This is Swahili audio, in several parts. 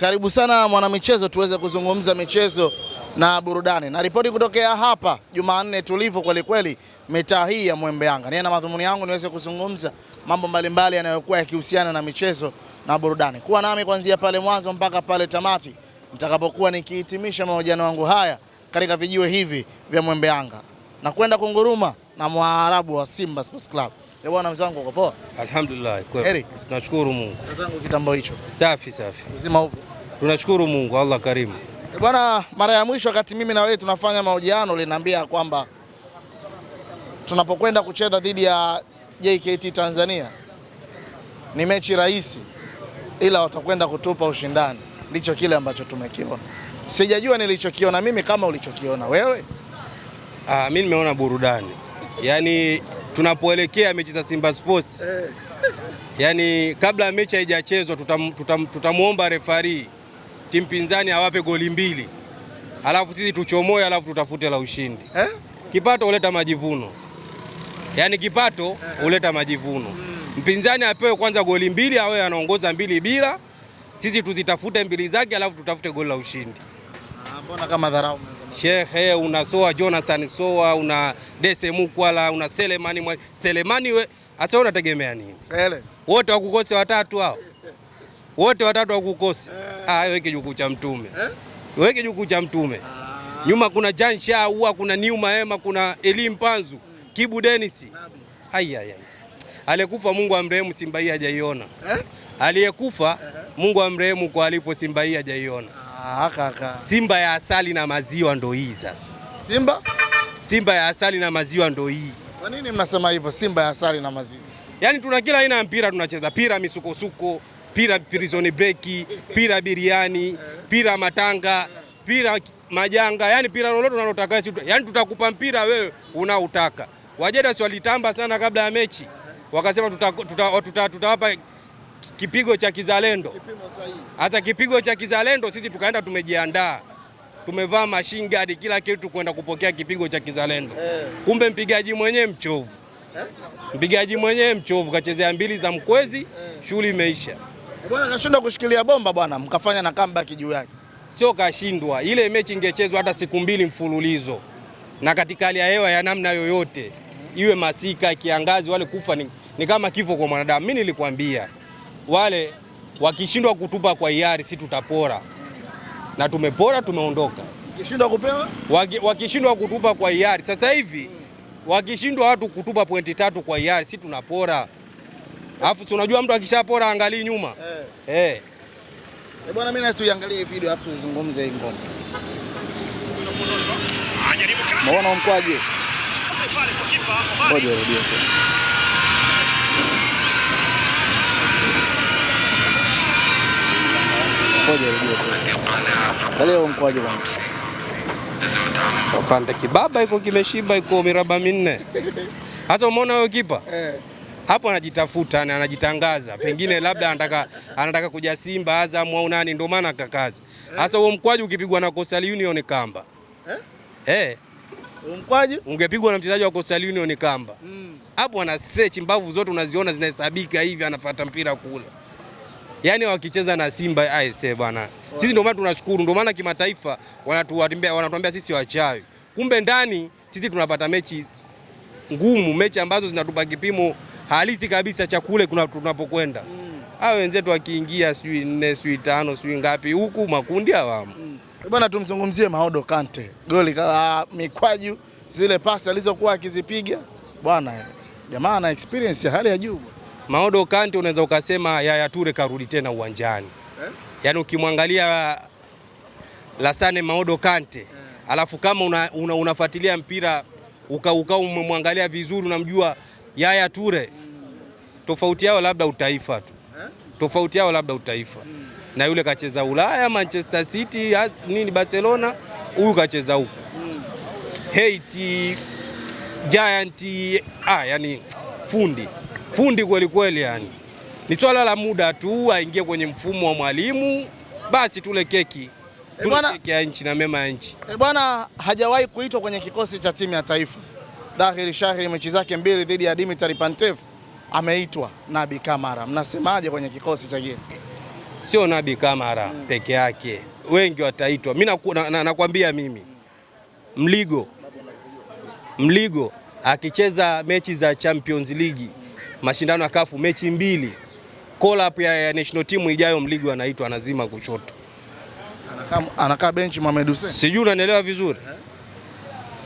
Karibu sana mwanamichezo, tuweze kuzungumza michezo na burudani na ripoti kutokea hapa Jumanne tulivu kwelikweli, mitaa hii ya Mwembe Yanga. Niye na madhumuni yangu niweze kuzungumza mambo mbalimbali yanayokuwa yakihusiana na michezo na burudani. Kuwa nami kuanzia pale mwanzo mpaka pale tamati nitakapokuwa nikihitimisha mahojiano yangu haya katika vijiwe hivi vya Mwembe Yanga na kwenda kunguruma na Mwaarabu wa Simba Sports Club. Ya eh, bwana mzangu uko poa? Alhamdulillah, heri. Tunashukuru Mungu. Mzangu kitambo hicho. Safi safi. Uzima upo? Tunashukuru Mungu, Allah karimu. Eh, bwana, mara ya mwisho wakati mimi na wewe tunafanya mahojiano linaambia kwamba tunapokwenda kucheza dhidi ya JKT Tanzania ni mechi rahisi, ila watakwenda kutupa ushindani. Ndicho kile ambacho tumekiona. Sijajua nilichokiona mimi kama ulichokiona wewe. Ah, mimi nimeona burudani yaani tunapoelekea mechi za Simba Sports eh. yani, kabla ya mechi haijachezwa tutamwomba tutam, refari timu pinzani awape goli mbili, alafu sisi tuchomoe, alafu tutafute la ushindi eh? Kipato huleta majivuno, yaani kipato eh, eh. huleta majivuno. Mm. Mpinzani apewe kwanza goli mbili, awe anaongoza mbili bila, sisi tuzitafute mbili zake, alafu tutafute goli la ushindi. Ah, mbona kama dharau? Shehe eh, una Soa Jonathan Soa, una Dese Mukwala, una Selemani Mwalimu. Selemani we acha unategemea nini? Ele. Wote wakukosi watatu hao. Wote watatu wakukosa. Eh. Ah, wewe kijukuu cha mtume. Eh? Wewe kijukuu cha mtume. Ah. Nyuma kuna Jan Shaua, kuna Niuma Maema, kuna Elim Panzu, hmm. Kibu Dennis. Ai ai ai. Alikufa Mungu amrehemu, Simba hii hajaiona. Eh? Aliyekufa uh eh. -huh. Mungu amrehemu kwa alipo, Simba hii hajaiona. Ah. Kaka. Simba ya asali na maziwa ndo hii sasa. Simba? Simba ya asali na maziwa ndo hii. Kwa nini mnasema hivyo? Simba ya asali na maziwa. Yaani tuna kila aina ya mpira tunacheza, pira misukosuko, pira prison break, pira biriani, pira matanga, pira majanga, yaani pira lolote unalotaka sisi. Yaani tutakupa mpira wewe unaotaka. Wajeda si walitamba sana kabla ya mechi. Wakasema tutawapa tuta, tuta, tuta, tuta kipigo cha kizalendo, hata kipigo cha kizalendo. Sisi tukaenda tumejiandaa, tumevaa machine guard, kila kitu kwenda kupokea kipigo cha kizalendo eh. Kumbe mpigaji mwenyewe mchovu eh? Mpigaji mwenyewe mchovu kachezea mbili za mkwezi eh. Shughuli imeisha bwana, kashindwa kushikilia bomba bwana, mkafanya na comeback juu yake, sio kashindwa. Ile mechi ingechezwa hata siku mbili mfululizo na katika hali ya hewa ya namna yoyote, iwe masika, kiangazi, wale kufa ni, ni kama kifo kwa mwanadamu. Mimi nilikwambia wale wakishindwa kutupa kwa hiari, si tutapora? Na tumepora, tumeondoka. Wakishindwa kupewa, wakishindwa kutupa kwa hiari. Sasa hivi wakishindwa watu kutupa pointi tatu kwa hiari, si tunapora? Alafu unajua mtu akishapora angalii nyuma hey. Eh. Eh. Hey. Eh, hey, bwana mimi na tuangalie video afu tuzungumze hii ngoma. Maona mkwaje? Ngoja rudia tena. mkoje ile leo mkoje bwana? Wakanda kibaba iko kimeshiba iko miraba minne. Hata umeona huyo kipa Eh. hapo anajitafuta na anajitangaza, pengine labda anataka anataka kuja Simba, Azam au nani, ndio maana akakaza. Sasa eh. huo mkwaju ukipigwa na Coastal Union kamba eh, eh. Mkwaju ungepigwa na mchezaji wa Coastal Union kamba mm. hapo, mm. ana stretch mbavu zote unaziona zinahesabika hivi, anafuata mpira kule yani wakicheza na Simba aise bwana, sisi ndio maana tunashukuru, ndio maana kimataifa wanatuambia wanatuambia sisi wachawi, kumbe ndani sisi tunapata mechi ngumu, mechi ambazo zinatupa kipimo halisi kabisa cha kule tunapokwenda. mm. Hao wenzetu wakiingia sijui nne sijui tano sijui ngapi huku makundi hawamo. mm. Bwana, tumzungumzie Maodo Kante, goli kala ah, mikwaju, zile pasi alizokuwa akizipiga bwana, jamaa ana experience ya hali ya juu. Maodo Kante unaweza ukasema Yaya Toure karudi tena uwanjani eh? Yaani ukimwangalia Lasane Maodo Kante eh, alafu kama una, una, unafuatilia mpira ukauka umemwangalia vizuri unamjua Yaya ture mm. Tofauti yao labda utaifa tu eh? Tofauti yao labda utaifa mm. Na yule kacheza Ulaya Manchester City nini Barcelona, huyu kacheza huko mm. Haiti Giant, ah, yani fundi fundi kweli kweli, yani ni swala la muda tu aingie kwenye mfumo wa mwalimu, basi tule keki eh, ya nchi na mema ya nchi. E bwana, hajawahi kuitwa kwenye kikosi cha timu ya taifa. Dahir shahiri mechi zake mbili dhidi ya Dimitri Pantev ameitwa Nabi Kamara, mnasemaje kwenye kikosi cha gini? Sio Nabi Kamara hmm, peke yake, wengi wataitwa. Mi nakwambia na, na mimi Mligo Mligo akicheza mechi za Champions League mashindano ya kafu mechi mbili call up ya, ya national team ijayo mligo anaitwa anazima kushoto anakaa anaka bench Mohamed Hussein. Sijui unanielewa vizuri eh?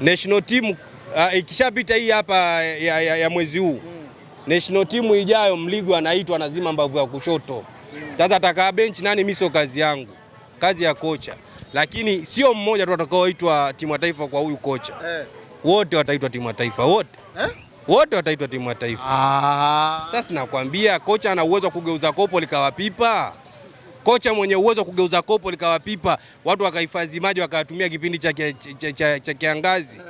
National team ah, ikishapita hii hapa ya, ya, ya mwezi huu hmm. National team ijayo mligo anaitwa anazima mbavu ya kushoto sasa atakaa benchi nani? Mimi sio kazi yangu, kazi ya kocha. Lakini sio mmoja tu atakaoitwa timu ya taifa kwa huyu kocha eh. Wote wataitwa timu ya taifa wote wote wataitwa timu ya taifa. Ah. Sasa nakwambia kocha ana uwezo wa kugeuza kopo likawa pipa, kocha mwenye uwezo wa kugeuza kopo likawa pipa, watu wakahifadhi maji wakatumia kipindi cha kiangazi cha, cha, cha, kiangazi.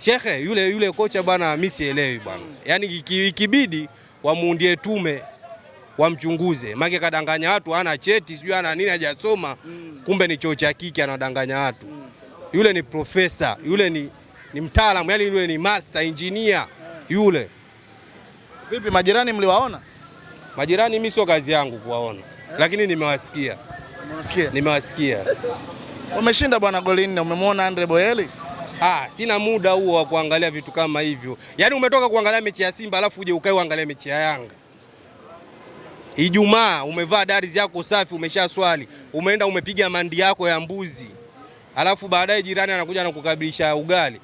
Shekhe, yule yule kocha bwana, mimi sielewi bwana, yaani ikibidi wamuundie tume wamchunguze, make kadanganya watu, ana cheti sio, ana nini, hajasoma mm. kumbe ni choo kike, anadanganya watu. Yule ni profesa, yule ni ni mtaalamu yani, yule ni master engineer yule. Vipi majirani, mliwaona majirani? Mimi sio kazi yangu kuwaona eh, lakini nimewasikia, nimewasikia umeshinda bwana goli nne. Umemwona Andre Boyeli? Ah, sina muda huo wa kuangalia vitu kama hivyo. Yaani umetoka kuangalia mechi ya Simba alafu uje ukae uangalie mechi ya Yanga. Ijumaa umevaa dari yako safi, umesha swali, umeenda umepiga mandi yako ya mbuzi, alafu baadaye jirani anakuja anakukabilisha ugali.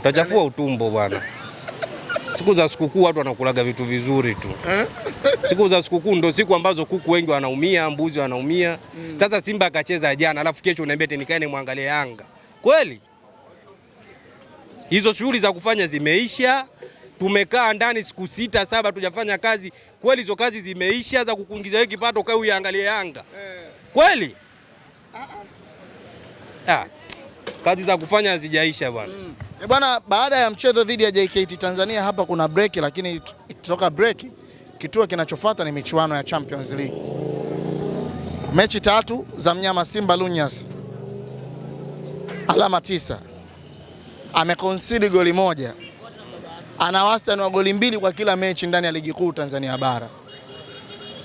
Utachafua ah. yaani- utumbo bwana. Siku za sikukuu watu wanakulaga vitu vizuri tu. Eh? Siku za sikukuu ndo siku ambazo kuku wengi wanaumia, mbuzi wanaumia. Mm. Sasa mm. Simba akacheza jana, alafu kesho unaambia tena nikae nimwangalie Yanga kweli? Hizo shughuli za kufanya zimeisha. Tumekaa ndani siku sita saba, tujafanya kazi kweli? Hizo kazi zimeisha za kukuingiza wewe kipato, kae uangalie Yanga eh. kweli? Ah. ah. ah kazi za kufanya hazijaisha bwana. Mm. E bwana, baada ya mchezo dhidi ya JKT Tanzania hapa kuna break, lakini toka break kituo kinachofuata ni michuano ya Champions League. Mechi tatu za mnyama Simba Lunyas alama tisa, amekonsidi goli moja, ana wastani wa goli mbili kwa kila mechi ndani ya ligi kuu Tanzania Bara.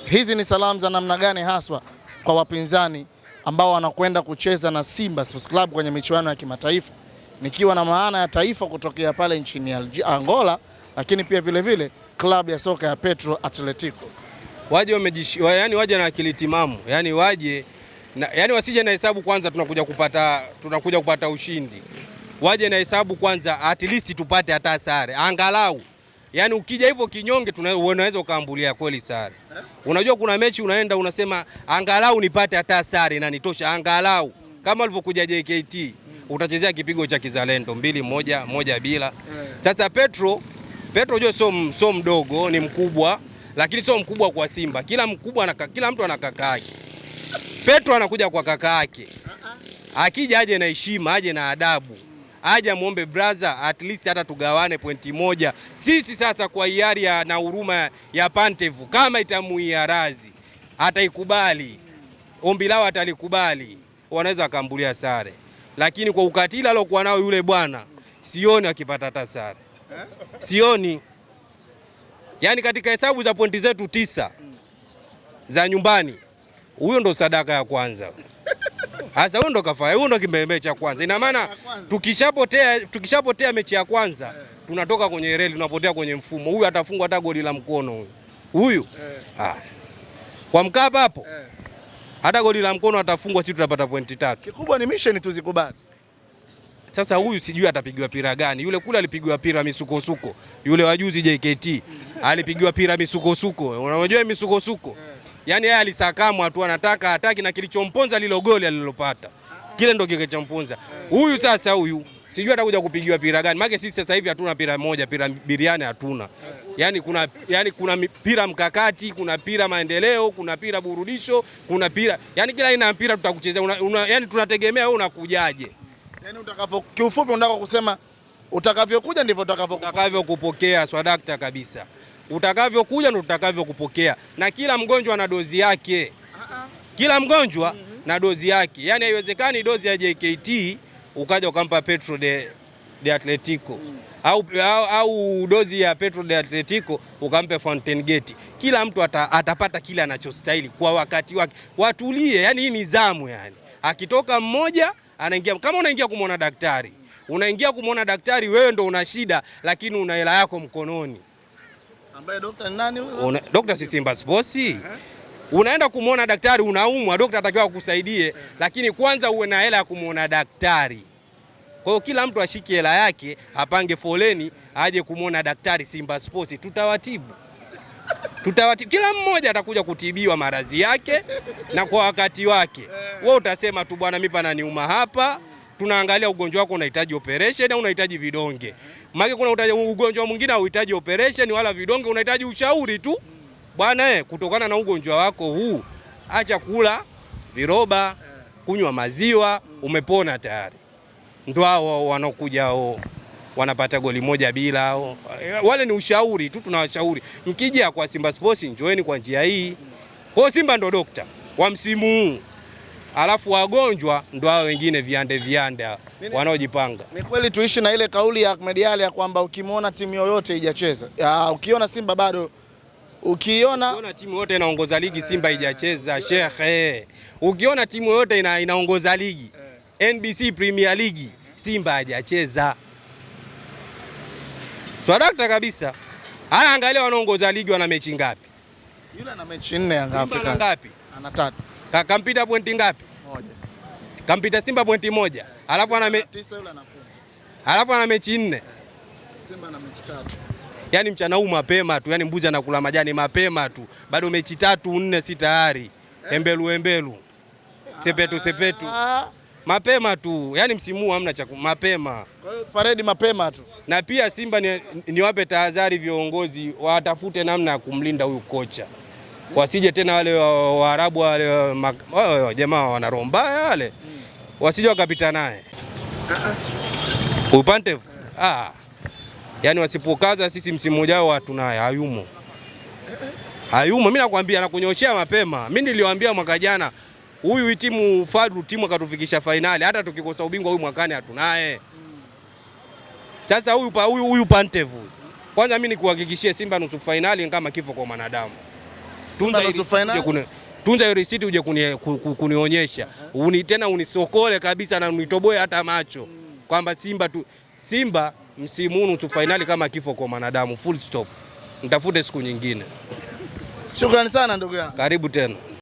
Hizi ni salamu za namna gani haswa kwa wapinzani ambao wanakwenda kucheza na Simba Sports Club kwenye michuano ya kimataifa, nikiwa na maana ya taifa kutokea pale nchini Angola, lakini pia vilevile klabu ya soka ya Petro Atletico waje wamejish... yani waje na akili timamu yani waje na... yani wasije na hesabu kwanza, tunakuja kupata, tunakuja kupata ushindi. Waje na hesabu kwanza, at least tupate hata sare angalau. Yaani ukija hivyo kinyonge, unaweza ukaambulia kweli sare. Unajua kuna mechi unaenda unasema angalau nipate hata sare na nitosha, angalau kama alivyokuja JKT utachezea kipigo cha kizalendo mbili moja moja bila. Sasa Petro Petro jo sio so mdogo, ni mkubwa lakini sio mkubwa kwa Simba. Kila mkubwa anaka, kila mtu ana kaka yake. Petro anakuja kwa kaka yake, akija aje na heshima, aje na adabu aje muombe brother, at least hata tugawane pointi moja sisi. Sasa kwa hiari na huruma ya Pantevu, kama itamuia razi ataikubali ombi lao, atalikubali wanaweza wakambulia sare, lakini kwa ukatili alokuwa nao yule bwana sioni akipata hata sare, sioni. yani katika hesabu za pointi zetu tisa za nyumbani, huyo ndo sadaka ya kwanza. Sasa huyo ndo kafaa, huyo ndo kimbembe cha kwanza. Ina maana tukishapotea, tukishapotea mechi ya kwanza tunatoka kwenye reli, tunapotea kwenye mfumo. Huyu atafungwa hata goli la mkono huyu huyu eh. Ah. Kwa Mkapa hapo eh. hata goli la mkono atafungwa, sisi tutapata pointi tatu. Kikubwa ni mission tuzikubali. Sasa huyu sijui atapigiwa pira gani. Yule kule alipigiwa pira misukosuko, yule wa juzi JKT mm. alipigiwa pira misukosuko. Unajua misukosuko yeah. Yaani yeye alisakamwa tu anataka hataki, na kilichomponza lilo goli alilopata kile ndo kilichomponza huyu. Sasa huyu sijui atakuja kupigiwa pira gani, maana sisi sasa hivi hatuna pira moja, pira biriani hatuna. Yaani kuna, yani kuna pira mkakati, kuna pira maendeleo, kuna pira burudisho, kuna pira Yaani kila aina ya mpira tutakuchezea. Una, una, Yani tunategemea wewe unakujaje, Yaani utakavyo, kiufupi unataka kusema utakavyokuja ndivyo utakavyokupokea. Swadakta kabisa utakavyokuja na utakavyokupokea, na kila mgonjwa na dozi yake. Kila mgonjwa na dozi yake, yani haiwezekani dozi ya JKT ukaja ukampa Petro de, de Atletico au, au, au dozi ya Petro de Atletico ukampe Fountain Gate. Kila mtu ata, atapata kile anachostahili kwa wakati wake. Watulie, yani hii ni zamu, yani akitoka mmoja anaingia. Kama unaingia kumwona daktari, unaingia kumwona daktari, wewe ndo una shida, lakini una hela yako mkononi ambaye dokta nani huyo? Dokta si Simba Sports. Uh -huh. Unaenda kumwona daktari unaumwa, dokta atakiwa akusaidie, uh -huh. Lakini kwanza uwe na hela ya kumwona daktari. Kwa hiyo kila mtu ashike hela yake, apange foleni, aje kumwona daktari Simba Sports, tutawatibu tutawatibu. Kila mmoja atakuja kutibiwa maradhi yake na kwa wakati wake. Wewe utasema tu bwana, mimi pana niuma hapa tunaangalia ugonjwa wako unahitaji operation au unahitaji vidonge. Maana kuna ugonjwa mwingine hauhitaji operation wala vidonge, unahitaji ushauri tu bwana eh, kutokana na ugonjwa wako huu, acha kula viroba, kunywa maziwa, umepona tayari. Ndio hao wanaokuja hao wanapata goli moja bila hao. Wale ni ushauri tu, tunawashauri mkija kwa Simba Sports, njoeni kwa njia hii. Kwa Simba ndo dokta wa msimu huu alafu wagonjwa ndo hao wengine viande viande wanaojipanga. Ni kweli tuishi na ile kauli ya Ahmed Ally ya kwamba ukimwona timu yoyote ijacheza, ukiona Simba bado ukiona ukiona timu yote inaongoza ligi Simba ijacheza haijacheza shekhe, ukiona timu yote ina, inaongoza ligi eh. NBC Premier League Simba hajacheza swadakta so, kabisa. Haya, angalia wanaongoza ligi wana mechi ngapi? Yule ana mechi nne, Yanga Afrika ngapi? Ana tatu. Kakampita pointi ngapi? Kampita Simba pointi moja. Alafu ana mechi Alafu ana mechi nne. Simba ana mechi tatu. Yaani mchana huu mapema tu, yaani mbuzi anakula majani mapema tu. Bado mechi tatu nne si tayari. Eh? Embelu embelu. Sepetu sepetu. Mapema tu. Yaani msimu huu hamna cha mapema. Kwa hiyo paredi mapema tu. Na pia Simba niwape ni tahadhari viongozi watafute namna ya kumlinda huyu kocha wasije tena wale Waarabu wale oh, oh, oh, jamaa wana roho mbaya wale, wasije wakapita naye upande ah, yani wasipokaza, sisi msimu ujao watu naye hayumo, hayumo. Mimi nakwambia, nakunyoshea mapema. Mimi niliwaambia mwaka jana, huyu timu Fadlu, timu akatufikisha fainali, hata tukikosa ubingwa huyu mwakani hatunaye. Sasa huyu huyu Pantev, kwanza mimi nikuhakikishie, Simba nusu fainali kama kifo kwa mwanadamu tunza hiyo tunza receipt uje kunionyesha uni, tena unisokole kabisa na unitoboe hata macho kwamba Simba tu Simba msimu huu nusu fainali kama kifo kwa mwanadamu, full stop. Nitafute siku nyingine. Shukrani sana ndugu yangu, karibu tena.